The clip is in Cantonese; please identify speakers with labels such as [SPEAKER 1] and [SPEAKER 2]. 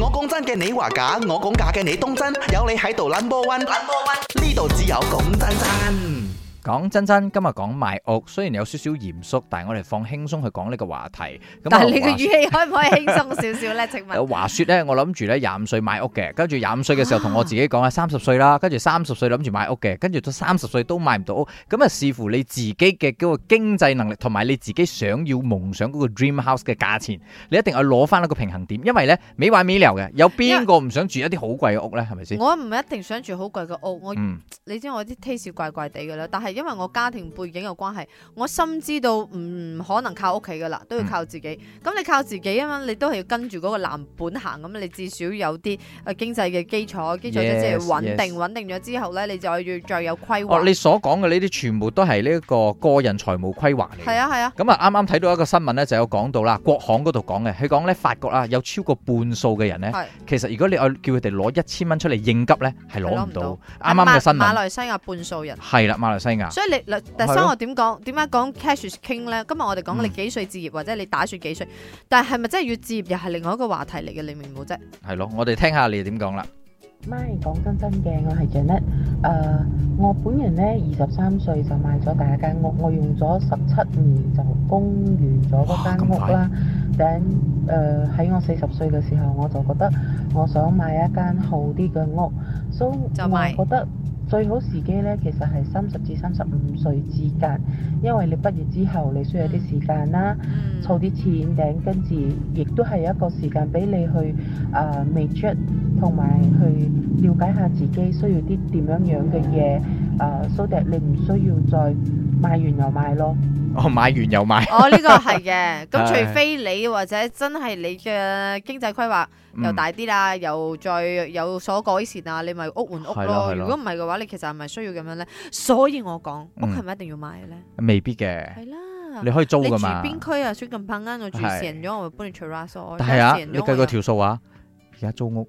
[SPEAKER 1] 我講真嘅，你話假；我講假嘅，你當真。有你喺度，number one，呢度 Number one. 只有講真真。講真真，今日講買屋，雖然有少少嚴肅，但係我哋放輕鬆去講呢個話題。但係你嘅語氣、呃、可唔可以輕鬆少少呢？請問、 呃。話說呢，我諗住呢，廿五歲買屋嘅，跟住廿五歲嘅時候同我自己講啊，三十歲啦，跟住三十歲諗住買屋嘅，跟住到三十歲都買唔到屋。咁啊，視乎你自己嘅嗰個經濟能力，同埋你自己想要夢想嗰個 dream house 嘅價錢，你一定要攞翻一個平衡點。因為呢，未玩未聊嘅，有邊個唔想住一啲好貴嘅屋呢？係咪先？我
[SPEAKER 2] 唔一定想住好貴嘅屋，我，嗯、你知我啲 taste 怪怪地嘅啦，但係。因為我家庭背景嘅關係，我深知道唔可能靠屋企噶啦，都要靠自己。咁你靠自己啊嘛，你都係要跟住嗰個藍本行，咁你至少有啲誒經濟嘅基礎，基礎就係穩定，穩定咗之後咧，你就要再有規劃。哦，你所
[SPEAKER 1] 講嘅呢啲全部都係呢一個個人財務規劃嚟。係啊係啊。咁啊，啱啱睇到一個新聞咧，就有講到啦，國行嗰度講嘅，佢講咧法國啊，有超過半數嘅人咧，其實如果你我叫佢哋攞一千蚊出嚟應急咧，係攞唔到。啱啱嘅新聞。馬馬來
[SPEAKER 2] 西亞半數人。
[SPEAKER 1] 係啦，馬來西亞。所以
[SPEAKER 2] 你，但所以我點講？點解講 cash is king 咧？今日我哋講你幾歲置業，嗯、或者你打算幾歲？但係咪真係要置業又係另外一個話題嚟嘅。你明唔明
[SPEAKER 3] 啫？
[SPEAKER 1] 係咯，我哋聽下你點講啦。
[SPEAKER 3] 咪講真真嘅，我係 Janet，uh。誒，我本人咧二十三歲就買咗第一間屋，我用咗十七年就供完咗嗰間屋啦。等誒喺我四十歲嘅時候，我就覺得我想買一間好啲嘅屋，所、so、以買，我覺得。最好時機呢，其實係三十至三十五歲之間，因為你畢業之後你需要啲時間啦，儲啲錢，頂跟住，亦都係一個時間俾你去誒未出，同、呃、埋去了解下自己需要啲點樣樣嘅嘢，誒 s,、mm hmm. uh, so that 你唔需要再。
[SPEAKER 1] 買完又買
[SPEAKER 2] 咯，哦買完又買，哦呢個係嘅，咁除非你或者真係你嘅經濟規劃又大啲啦，又再有所改善啊，你咪屋換屋咯。如果唔係嘅話，你其實係咪需要咁樣咧？所以我講屋係咪一定要買咧？
[SPEAKER 1] 未必嘅，係啦，你可以租噶嘛。你住邊
[SPEAKER 2] 區啊？算近平啱，我住成咗，我搬你出啦。所以，但係啊，要計個
[SPEAKER 1] 條數啊，而家租屋。